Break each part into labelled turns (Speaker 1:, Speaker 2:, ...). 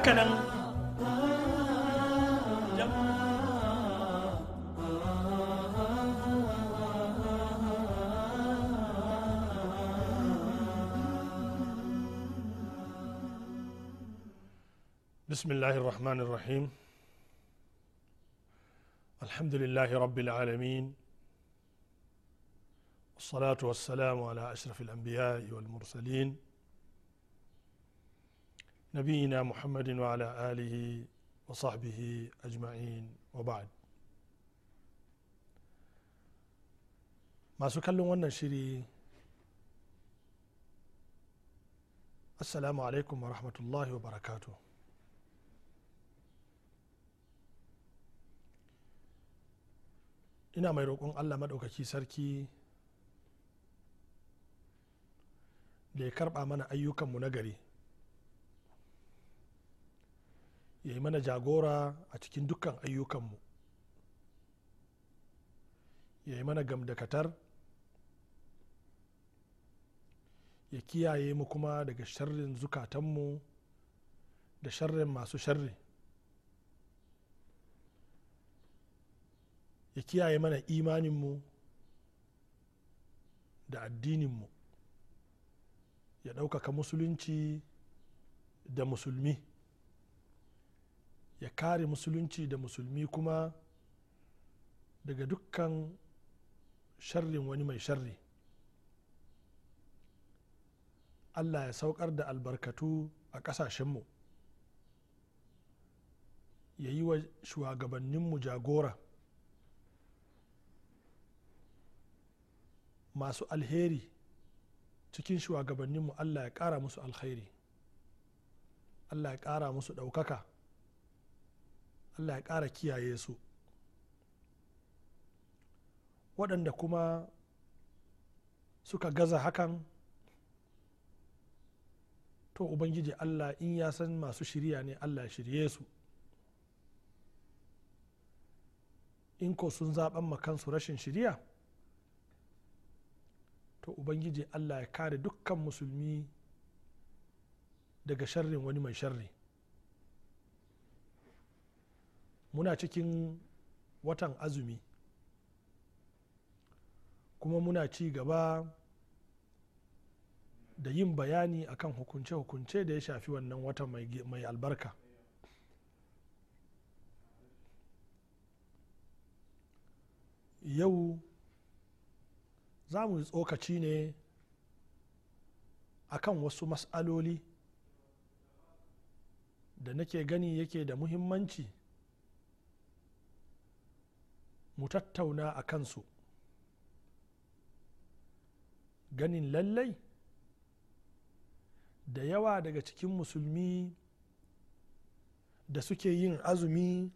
Speaker 1: haka nan بسم الله الرحمن الرحيم الحمد لله رب العالمين والصلاة والسلام على أشرف الأنبياء والمرسلين نبينا محمد وعلى آله وصحبه أجمعين وبعد masu kallon wannan shiri assalamu alaikum wa rahmatullahi wa barakatu ina mai roƙon allah maɗaukaki sarki da ya karɓa mana ayyukanmu na gari ya yi mana jagora a cikin dukkan ayyukanmu ya yi mana gamdakatar ya kiyaye mu kuma daga sharrin zukatanmu da sharrin masu sharri ya kiyaye mana imaninmu da addininmu ya ɗaukaka musulunci da musulmi ya kare musulunci da musulmi kuma daga dukkan sharrin wani mai sharri allah ya saukar da albarkatu a ƙasashenmu ya yi wa shugabanninmu jagora masu alheri cikin shugabanninmu allah ya ƙara musu alheri allah ya ƙara musu ɗaukaka allah ya ƙara kiyaye su waɗanda kuma suka gaza hakan to ubangiji allah in ya san masu shirya ne allah shirye su in ko sun zaɓen makansu rashin shirya to ubangiji allah ya kare dukkan musulmi daga sharrin wani mai sharri muna cikin watan azumi kuma muna ci gaba da yin bayani akan hukunce-hukunce da ya shafi wannan watan mai albarka yau za mu tsokaci ne akan wasu mas'aloli da nake gani yake da muhimmanci mu tattauna a kansu ganin lallai da yawa daga cikin musulmi da suke yin azumi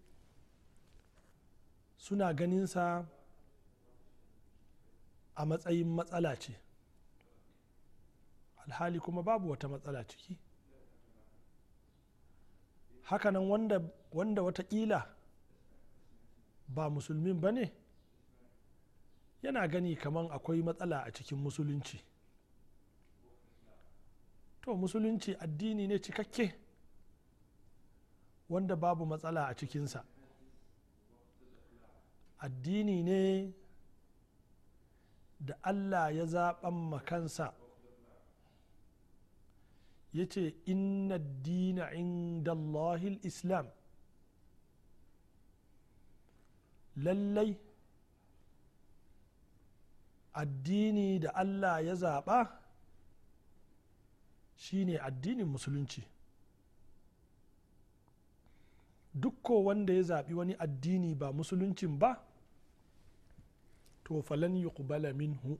Speaker 1: suna ganinsa a matsayin matsala ce alhali kuma babu wata matsala ciki hakanan wanda, wanda watakila ba musulmin ba ne yana gani kaman akwai matsala a cikin musulunci to musulunci addini ne cikakke wanda babu matsala a cikinsa addini ne da allah ya zaɓan makansa ya ce inna dina inda islam lallai addini da allah ya zaɓa shine addinin musulunci dukko wanda ya zaɓi wani addini ba musuluncin ba to falan yuqbala minhu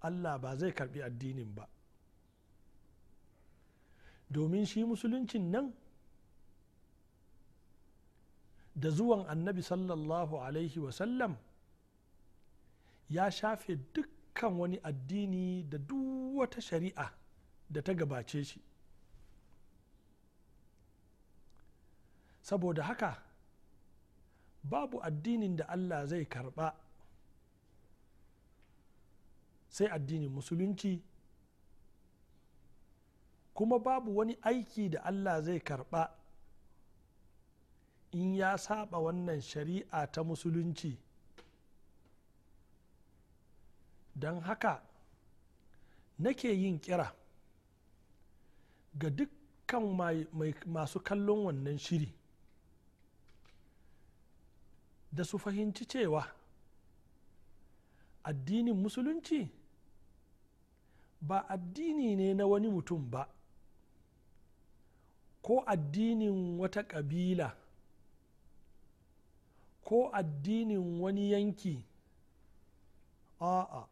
Speaker 1: allah ba zai karbi addinin ba domin shi musuluncin nan da zuwan annabi sallallahu alaihi wasallam ya shafe dukkan wani addini da duk wata shari'a da ta gabace shi saboda haka babu addinin da allah zai karba sai addinin musulunci kuma babu wani aiki da allah zai karba in ya saba wannan shari'a ta musulunci don haka nake yin kira ga dukkan masu kallon wannan shiri da su fahimci cewa addinin musulunci ba addini ne na wani mutum ba ko addinin wata ƙabila ko addinin wani yanki a'a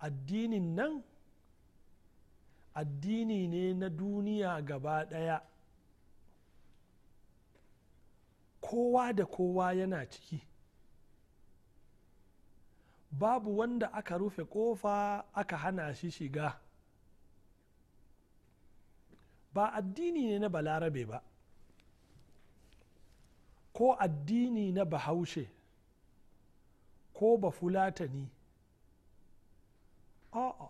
Speaker 1: addinin nan addini ne na duniya gaba ɗaya kowa da kowa yana ciki babu wanda aka rufe kofa aka hana shi shiga ba addini ne na balarabe ba ko addini na bahaushe ko bafulatani a'a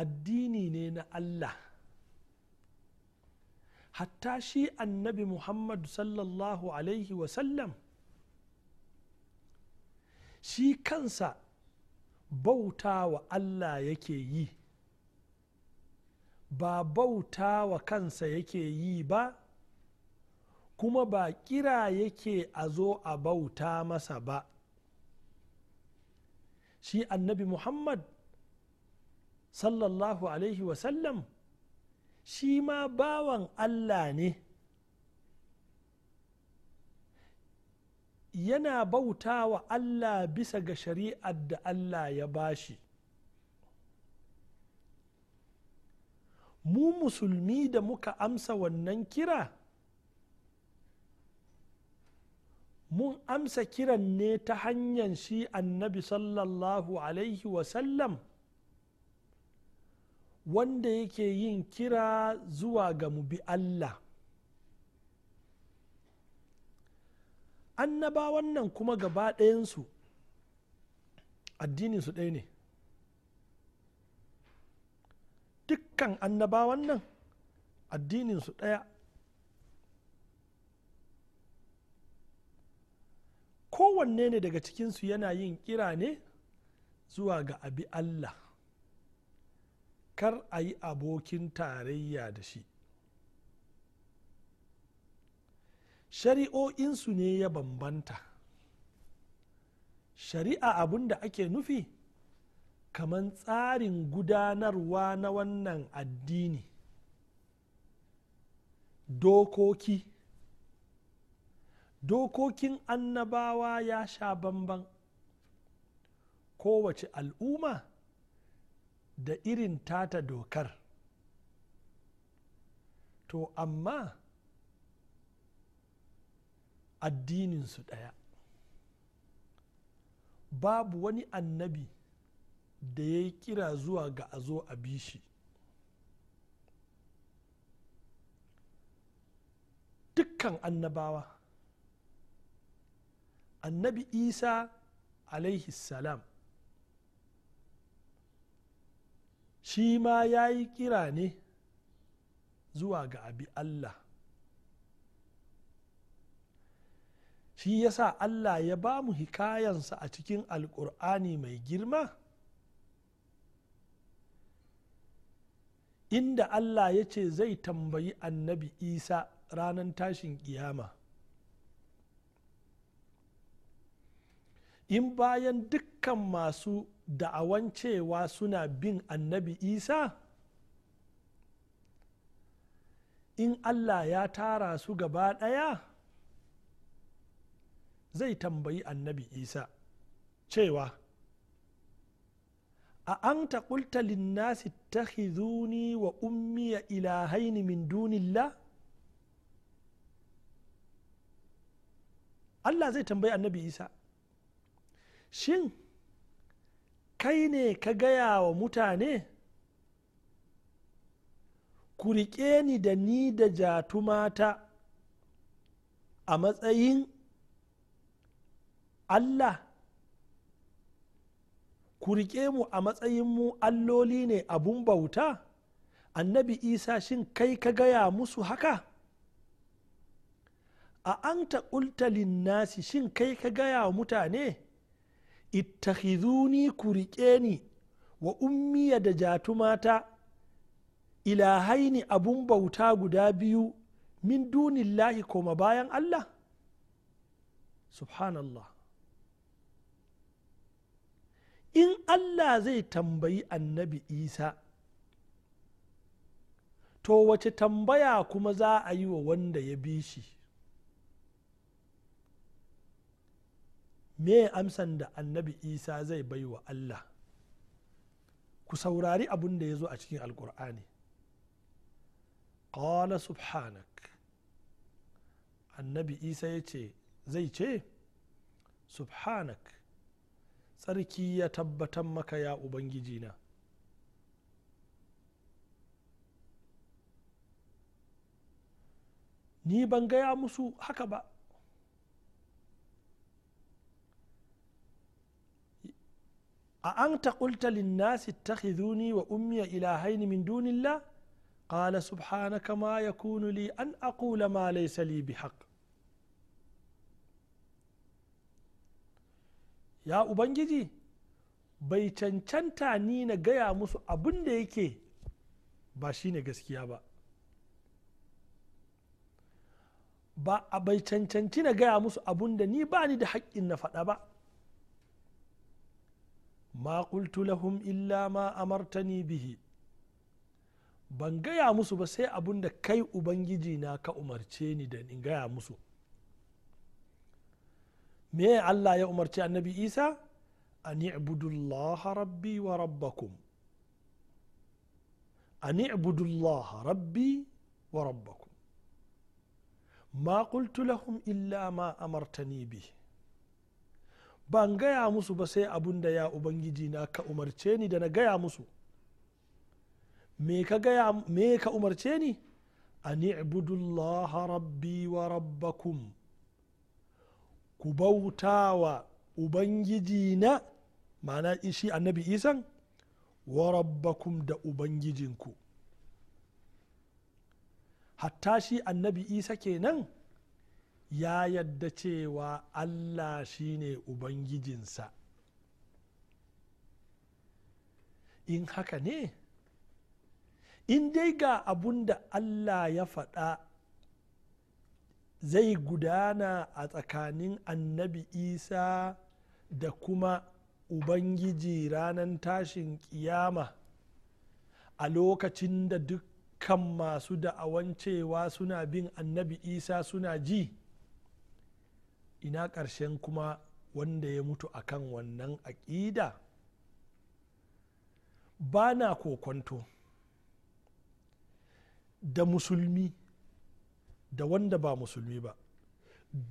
Speaker 1: addini ne na allah hatta shi annabi muhammadu sallallahu alaihi wasallam shi kansa bauta wa allah yake yi ba bauta wa kansa yake yi ba kuma ba kira yake a zo a bauta masa ba shi annabi muhammad sallallahu alaihi wasallam shi ma bawan allah ne yana bauta wa allah bisa ga shari'ar da allah ya bashi mu musulmi da muka amsa wannan kira mun amsa kiran ne ta hanyar shi annabi sallallahu alaihi wasallam wanda yake yin kira zuwa ga mu bi Allah annaba wannan kuma gaba ɗayansu addininsu ɗaya ne dukkan wannan addinin addininsu ɗaya kowanne ne daga cikinsu yana yin kira ne zuwa ga abi allah kar a yi abokin tarayya da shi shari'o'insu ne ya bambanta shari'a abun da ake nufi kamar tsarin gudanarwa na wannan addini dokoki dokokin annabawa ya sha bamban kowace al'umma da irin tata dokar to amma addininsu ɗaya babu wani annabi da ya yi kira zuwa ga a zo a bi shi dukkan annabawa annabi isa alaihi salam shi ma ya yi kira ne zuwa ga abi allah shi ya sa allah ya ba mu hikayansa a cikin Alƙur'ani mai girma inda allah ya ce zai tambayi annabi isa ranan tashin ƙiyama. in bayan dukkan masu da'awan cewa suna bin annabi isa in allah ya tara su gaba ɗaya zai tambayi annabi isa cewa a an taƙulta linnasi ta wa ummiya ilahaini min dunilla? allah zai tambayi annabi isa shin kai ne ka gaya wa mutane ku riƙe ni da ni da jatumata a matsayin allah ku riƙe mu a matsayin mu alloli ne abun bauta annabi isa shin kai ka gaya musu haka a an ta nasi shin kai ka gaya wa mutane ittakhiduni ku riƙe ni wa ummiya da jatumata ilahaini abun bauta guda biyu min dunillahi koma bayan Allah subhanallah in Allah zai tambayi annabi Isa to wace tambaya kuma za a yi wa wanda ya bi shi me amsan da annabi isa zai bai wa allah ku saurari abin da ya zo a cikin alkur'ani qala subhanak annabi isa ya ce zai ce subhanak tsarki ya tabbatar maka ya ubangijina ni ban gaya musu haka ba a an ta ƙulta linnasi ta wa ummiya ilahaini min dunillah qala subhanaka ma yakunu li an aqula ma laysa li bihaq ya ubangiji bai cancanta ni na gaya musu abin yake ba shi ne gaskiya ba ba a bai cancanci na gaya musu abunda ni bani da haƙƙin na faɗa ba ma qultu illa ma amartani bihi ban gaya musu ba sai abun da kai ubangiji na ka umarce ni da in gaya musu me allah ya umarci annabi isa an ibudullaha rabbi wa rabbakum an rabbi wa rabbakum ma qultu lahum illa ma amartani bihi ban gaya musu ba sai abun da ya ubangiji na ka umarce ni da na gaya musu me ka gaya me ka umarce ni a ibudullaha rabbi wa rabbakum ku bautawa ubangiji na ma'ana ishi annabi isan wa rabbakum da ubangijinku hatta shi annabi isa kenan ya yadda cewa allah shine ubangijinsa in haka ne in dai ga abun da allah ya faɗa zai gudana a tsakanin annabi isa da kuma ubangiji ranar tashin kiyama a lokacin da dukkan masu da'awan cewa suna bin annabi isa suna ji ina ƙarshen kuma wanda ya mutu a kan wannan aƙida ba na kokonto da musulmi da wanda ba musulmi ba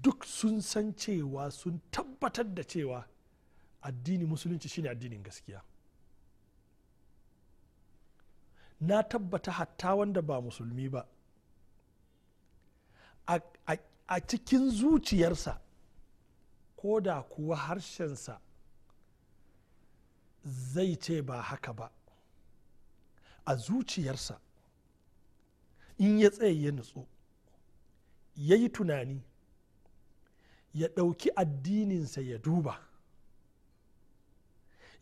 Speaker 1: duk sun san cewa sun tabbatar da cewa addini musulunci shine addinin gaskiya na tabbata hatta wanda ba musulmi ba a cikin zuciyarsa ko da kuwa harshensa zai ce ba haka ba a zuciyarsa in ya tsaye ya nutsu ya yi tunani ya ɗauki addininsa ya duba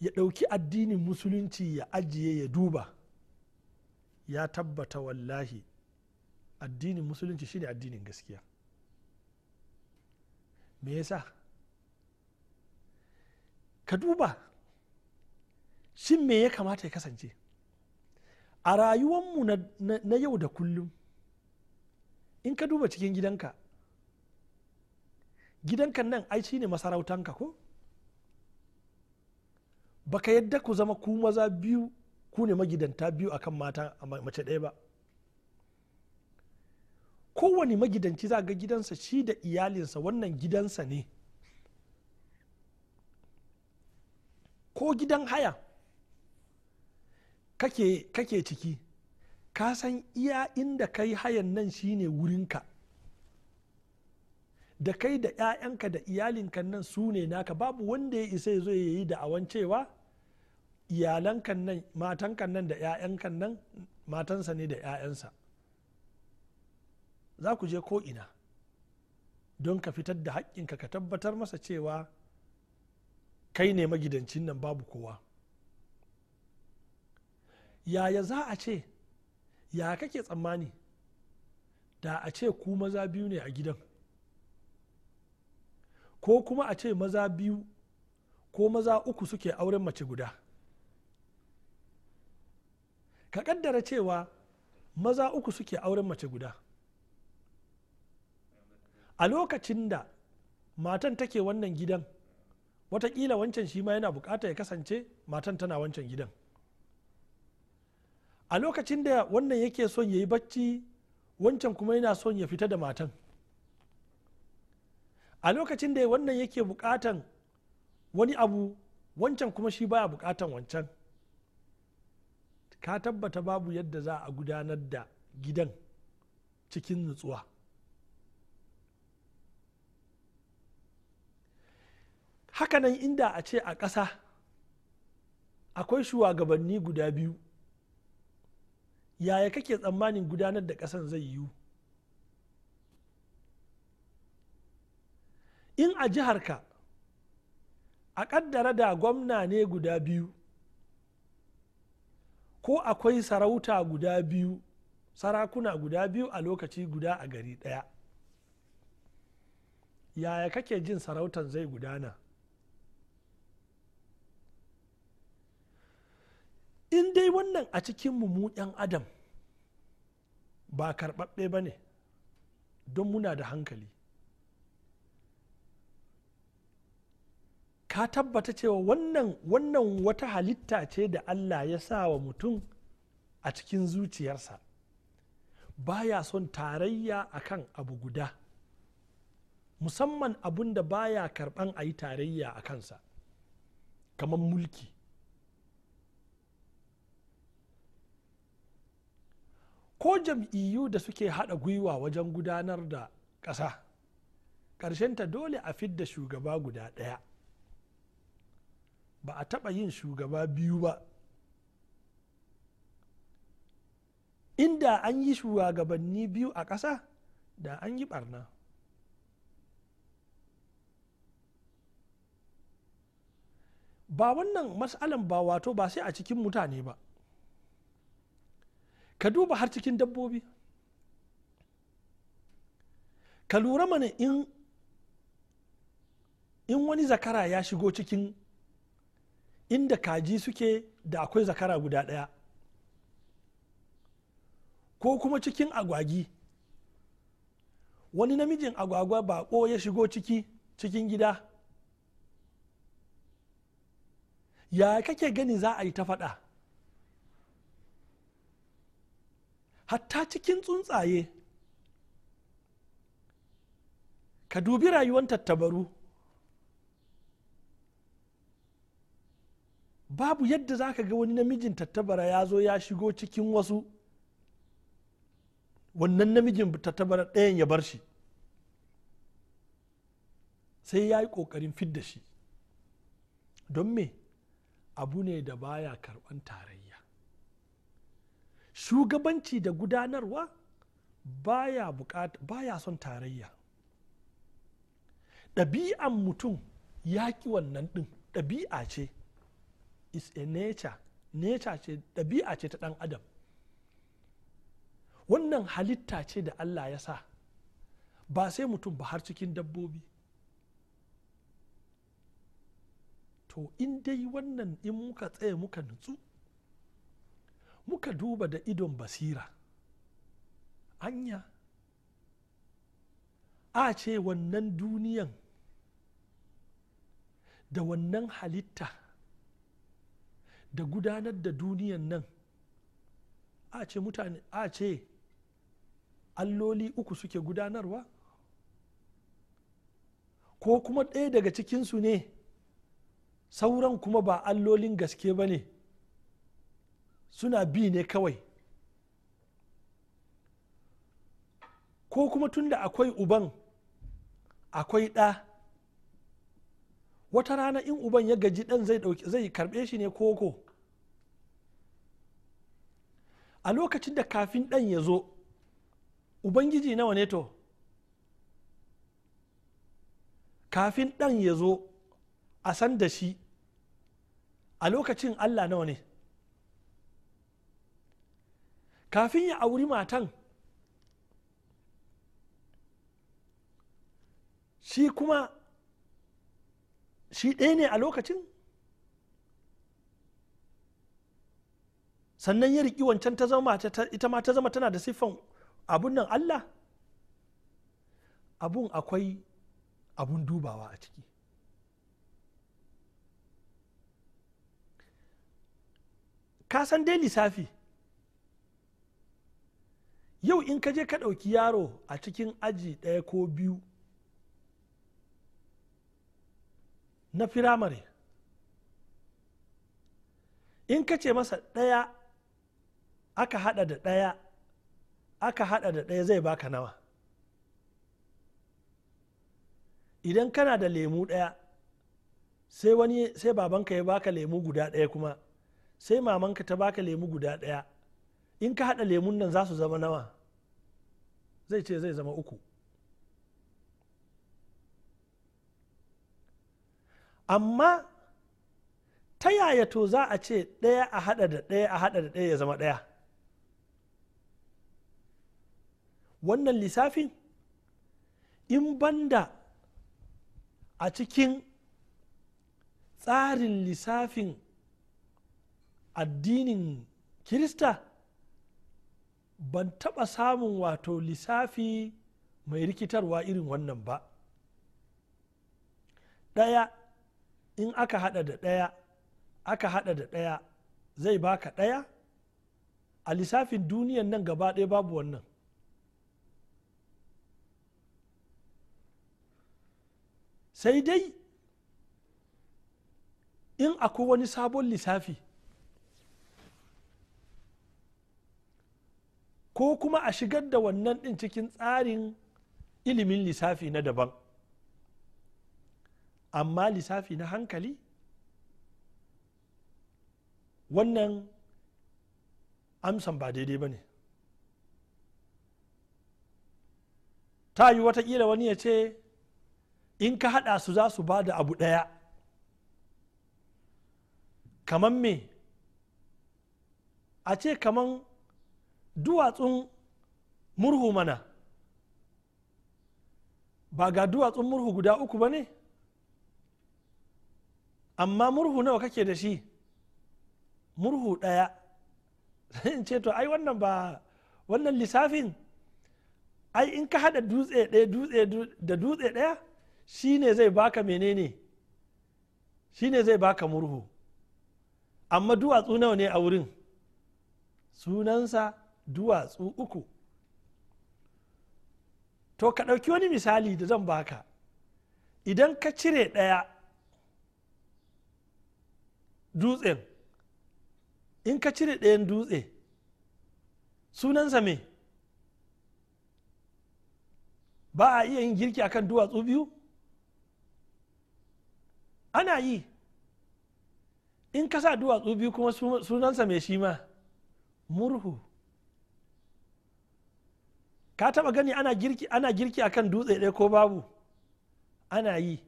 Speaker 1: ya ɗauki addinin musulunci ya ajiye ya duba ya tabbata wallahi addinin musulunci shine addinin gaskiya me yasa ka duba shin me ya kamata ya kasance a rayuwanmu na, yau da kullum in ka duba cikin gidanka gidanka nan ai shi ne masarautanka ko baka yadda ku zama ku maza biyu ku ne magidanta biyu akan mata a mace ɗaya ba kowane magidanci za ga gidansa shi da iyalinsa wannan gidansa ne ko gidan haya kake, ciki ka san iya inda kai hayan nan shine wurinka da kai da 'ya'yanka da iyalinka nan su ne naka babu wanda ya isa zo ya yi da'awan cewa iyalankan nan matankan nan da 'ya'yankan nan matansa ne da 'ya'yansa za ku je ko ina don ka fitar da haƙƙinka ka tabbatar masa cewa kai ne magidancin nan babu kowa yaya za a ce ya kake tsammani da a ce ku maza biyu ne a gidan ko kuma a ce maza biyu ko maza uku suke auren mace guda ka kaddara cewa maza uku suke auren mace guda a lokacin da matan take wannan gidan watakila wancan shi ma yana bukata ya kasance matan tana wancan gidan a lokacin da wannan yake son ya yi bacci wancan kuma yana son ya fita da matan a lokacin da wannan yake bukatan wani abu wancan kuma shi baya bukatan wancan ka tabbata babu yadda za a gudanar da gidan cikin nutsuwa hakanan inda a ce a ƙasa akwai shugabanni guda biyu yaya kake tsammanin gudanar da ƙasan zai yiwu in a jiharka a ƙaddara da gwamna ne guda biyu ko akwai sarauta guda biyu sarakuna guda biyu a lokaci guda a gari ɗaya yaya kake jin sarautan zai gudana in dai wannan a cikin mu yan adam ba karɓaɓɓe ba ne don muna da hankali ka tabbata cewa wannan wannan wata halitta ce da allah ya sa wa mutum a cikin zuciyarsa baya son tarayya akan abu guda musamman abun da baya karɓan a yi tarayya a kansa kamar mulki ko jam'iyyu da suke haɗa gwiwa wajen gudanar da ƙasa ta dole a fidda shugaba guda ɗaya ba a taɓa yin shugaba biyu ba inda an yi shugabanni biyu a ƙasa da an yi ɓarna ba wannan matsalan ba wato ba sai a cikin mutane ba ka duba har cikin dabbobi ka lura mana in wani zakara ya shigo cikin inda kaji suke da akwai zakara guda ɗaya ko kuma cikin agwagi wani namijin agwagwa bako ya shigo ciki cikin gida ya kake gani za a yi ta faɗa hatta cikin tsuntsaye ka dubi rayuwar tattabaru babu yadda za ka ga wani namijin tattabara ya zo ya shigo cikin wasu wannan namijin tattabara ɗayan ya bar shi sai ya yi ƙoƙarin fidda shi don me abu ne da baya karɓan tarayya shugabanci da gudanarwa baya, baya son tarayya ɗabi'an mutum yaƙi wannan ɗin ɗabi'a ce is a nature nature ce ɗabi'a ce ta ɗan adam wannan halitta ce da allah ya sa ba sai mutum ba har cikin dabbobi to in dai wannan in muka tsaye muka nutsu muka duba da idon basira anya a ce wannan duniyan da wannan halitta da gudanar da duniyan nan a ce mutane a ce alloli uku suke gudanarwa ko kuma ɗaya daga cikinsu ne sauran kuma ba allolin gaske ba ne suna bi ne kawai ko kuma tunda akwai uban akwai ɗa wata rana in uban ya gaji ɗan zai karɓe shi ne koko a lokacin da kafin ɗan ya zo ubangiji nawa ne to kafin ɗan ya zo a san da shi a lokacin allah nawa ne kafin ya auri matan shi kuma shi ɗaya ne a lokacin sannan ya riƙi wancan ta zama ita ma ta zama tana da siffan abun nan allah abun akwai abun dubawa a ciki ka san dai lissafi yau in ka je ka ɗauki yaro a cikin aji ɗaya ko biyu na firamare in ka ce masa ɗaya aka haɗa da ɗaya aka haɗa da ɗaya zai baka nawa idan kana da lemu ɗaya sai wani sai babanka ya baka lemu guda ɗaya kuma sai mamanka ta baka lemu guda ɗaya in ka haɗa lemun nan za su zama nawa zai ce zai zama uku amma ta yaya to za a ce ɗaya a haɗa da ɗaya a haɗa da ɗaya ya zama ɗaya wannan lissafin in banda a cikin tsarin lissafin addinin kirista ban taɓa samun wato lissafi mai rikitarwa irin wannan ba ɗaya in aka haɗa da ɗaya aka haɗa da ɗaya zai baka ɗaya a lissafin duniyan nan gaba ɗaya babu wannan sai dai in akwai wani sabon lissafi ko kuma a shigar da wannan ɗin cikin tsarin ilimin lissafi na daban amma lissafi na hankali wannan amsan ba daidai ba ne ta yi watakila wani ya ce in ka haɗa su za su ba da abu ɗaya kamar me a ce kamar duwatsun murhu mana ba ga duwatsun murhu guda uku ba ne amma murhu nawa kake da shi murhu ɗaya in ce to ai wannan ba wannan lissafin ai in ka haɗa dutse ɗaya dutse da dutse ɗaya shi ne zai baka menene shi ne zai baka murhu amma duwatsu nawa ne a wurin sunansa duwatsu uku to ka ɗauki wani misali da zan baka idan ka cire ɗaya dutsen in ka cire ɗayan dutse sunansa me ba a iya yin girki akan duwatsu biyu ana yi in ka sa duwatsu biyu kuma sunansa mai shi ma murhu ka taba gani ana girki ana girki akan dutse ɗaya ko babu ana yi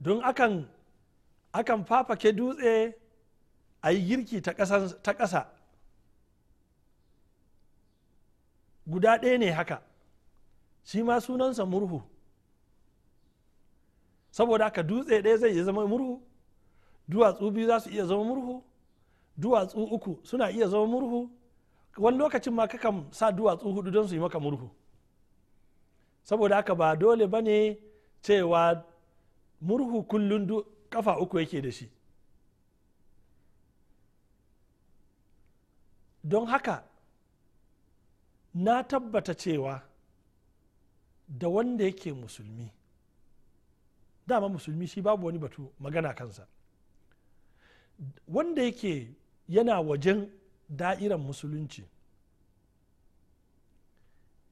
Speaker 1: don akan akan fafake dutse ayi girki ta ƙasa guda ɗaya ne haka shi ma sunansa murhu saboda haka dutse ɗaya zai iya zama murhu duwatsu biyu za su iya zama murhu duwatsu uku suna iya zama murhu wani lokacin ma kakan sa duwatsu hudu don su yi maka murhu saboda haka ba dole ba ne cewa murhu kullum kafa uku yake da shi don haka na tabbata cewa da wanda yake musulmi dama musulmi shi babu wani batu magana kansa wanda yake yana wajen da'iran musulunci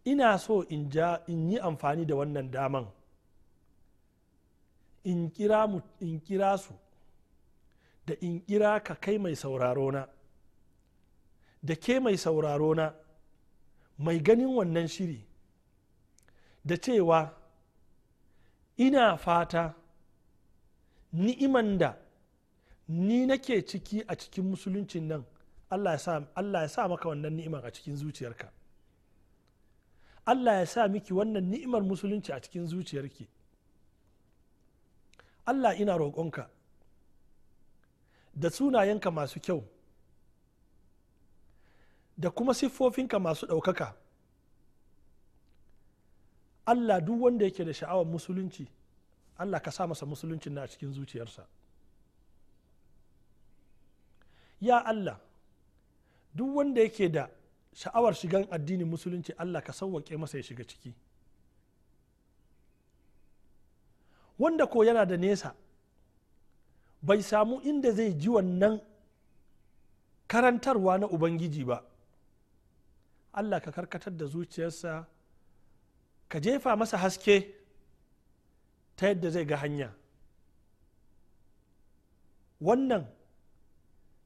Speaker 1: ina so in yi amfani da wannan daman in kira su da in kira ka kai mai sauraro na da ke mai sauraro na mai ganin wannan shiri da cewa ina fata ni'iman da ni nake ciki a cikin musuluncin nan Allah ya sa maka wannan ni'imar a cikin zuciyarka Allah ya sa miki wannan ni'imar musulunci a cikin zuciyarki Allah ina roƙonka da sunayenka masu kyau da kuma siffofinka masu ɗaukaka Allah duk wanda yake da sha'awar musulunci Allah ka sa masa musuluncin na a cikin zuciyarsa ya Allah duk wanda yake da sha'awar shigan addinin musulunci allah ka sauwaƙe masa ya shiga ciki wanda ko yana da nesa bai samu inda zai ji wannan karantarwa na ubangiji ba allah ka karkatar da zuciyarsa ka jefa masa haske ta yadda zai ga hanya wannan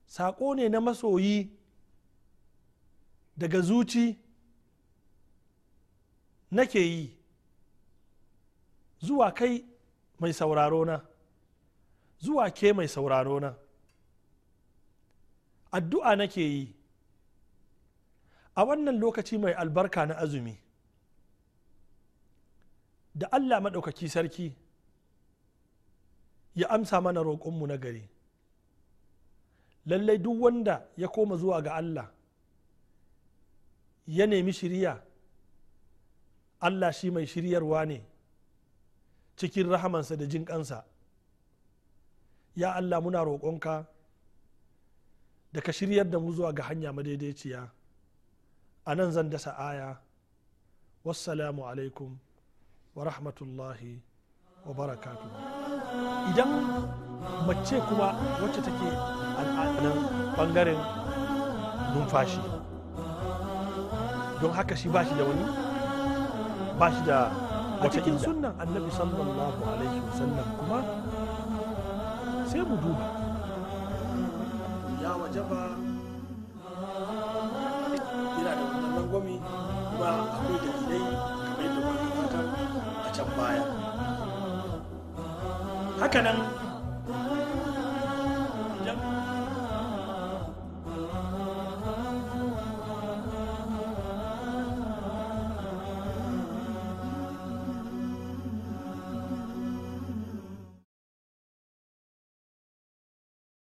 Speaker 1: saƙo ne na masoyi daga zuci nake yi zuwa kai mai sauraro na zuwa ke mai sauraro na addu'a nake yi a wannan lokaci mai albarka na azumi da allah maɗaukaki sarki ya amsa mana roƙonmu na gari lallai duk wanda ya koma zuwa ga allah ya nemi shirya allah shi mai shiryarwa ne cikin rahamansa da jin kansa ya allah muna roƙonka da ka shiryar da mu zuwa ga hanya madaidaiciya a nan zan dasa aya wassalamu alaikum wa rahmatullahi wa barakatu idan mace kuma wacce take al'adunan bangaren numfashi don haka shi ba shi da wani ba shi da a cikin sunan annabi sallallahu alaihi wasallam kuma sai mu duba ya waje ba yana da wannan gomi ba akwai dalilai kamar yadda wani a can baya haka nan